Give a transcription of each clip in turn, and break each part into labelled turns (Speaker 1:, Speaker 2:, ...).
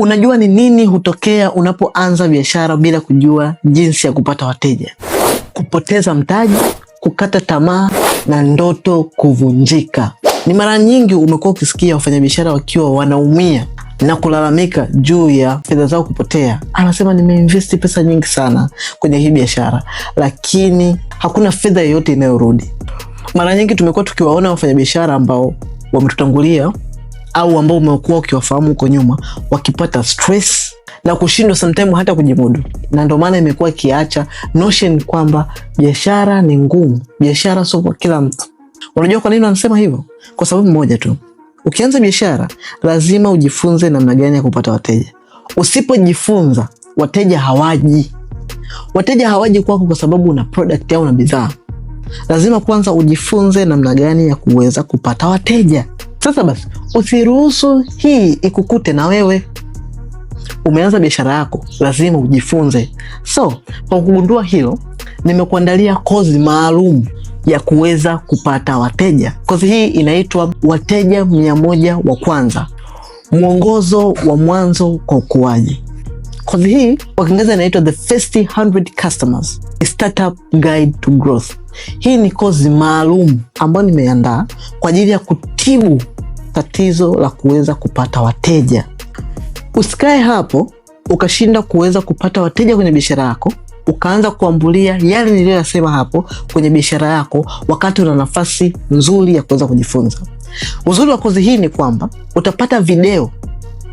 Speaker 1: Unajua ni nini hutokea unapoanza biashara bila kujua jinsi ya kupata wateja? Kupoteza mtaji, kukata tamaa na ndoto kuvunjika. Ni mara nyingi umekuwa ukisikia wafanyabiashara wakiwa wanaumia na kulalamika juu ya fedha zao kupotea. Anasema nimeinvesti pesa nyingi sana kwenye hii biashara, lakini hakuna fedha yoyote inayorudi. Mara nyingi tumekuwa tukiwaona wafanyabiashara ambao wametutangulia au ambao umekuwa ukiwafahamu huko nyuma wakipata stress na kushindwa sometimes hata kujimudu, na ndio maana imekuwa ikiacha notion kwamba biashara ni ngumu, biashara sio kwa kila mtu. Unajua kwa nini wanasema hivyo? Kwa sababu moja tu, ukianza biashara lazima ujifunze namna gani ya kupata wateja. Usipojifunza wateja hawaji. Wateja hawaji kwako kwa sababu una product au una bidhaa. Lazima kwanza ujifunze namna gani ya kuweza kupata wateja. Sasa basi, usiruhusu hii ikukute na wewe. Umeanza biashara yako, lazima ujifunze. So kwa kugundua hilo, nimekuandalia kozi maalum ya kuweza kupata wateja. Kozi hii inaitwa Wateja mia moja wa Kwanza, mwongozo wa mwanzo kwa ukuaji. Kozi hii kwa Kiingereza inaitwa The First 100 Customers Startup Guide to Growth. Hii ni kozi maalum ambayo nimeandaa kwa ajili ya kutibu tatizo la kuweza kupata wateja. Usikae hapo ukashinda kuweza kupata wateja kwenye biashara yako, ukaanza kuambulia yale niliyoyasema hapo kwenye biashara yako, wakati una nafasi nzuri ya kuweza kujifunza. Uzuri wa kozi hii ni kwamba utapata video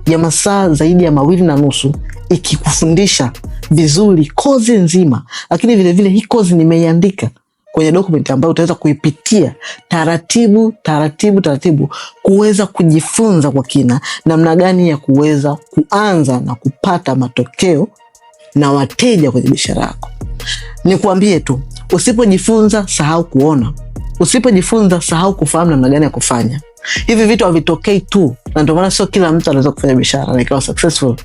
Speaker 1: ya masaa zaidi ya mawili na nusu ikikufundisha vizuri kozi nzima, lakini vilevile hii kozi nimeiandika kwenye dokumenti ambayo utaweza kuipitia taratibu taratibu taratibu kuweza kujifunza kwa kina namna gani ya kuweza kuanza na kupata matokeo na wateja kwenye biashara yako. Nikuambie tu, usipojifunza sahau kuona, usipojifunza sahau kufahamu namna gani ya kufanya. Hivi vitu havitokei tu, na ndio maana sio kila mtu anaweza kufanya biashara na ikawa successful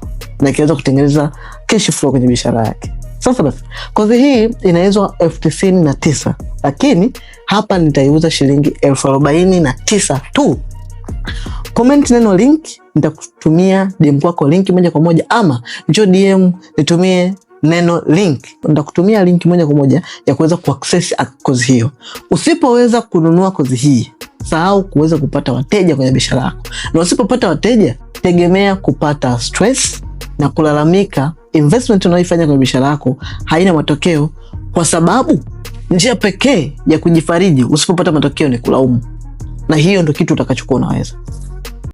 Speaker 1: na ikiweza kutengeneza cash flow kwenye biashara yake. Sasa basi kozi hii inaizwa elfu tisini na tisa lakini hapa nitaiuza shilingi elfu arobaini na tisa tu. Comment neno link, nitakutumia DM kwako link moja kwa moja, ama njoo DM nitumie neno link, nitakutumia link moja kwa moja ya kuweza kuaccess kozi hiyo. Usipoweza kununua kozi hii, sahau kuweza kupata wateja kwenye biashara yako, na usipopata wateja, tegemea kupata stress na kulalamika investment unaoifanya kwenye biashara yako haina matokeo, kwa sababu njia pekee ya kujifariji usipopata matokeo ni kulaumu, na hiyo ndo kitu utakachokuwa unaweza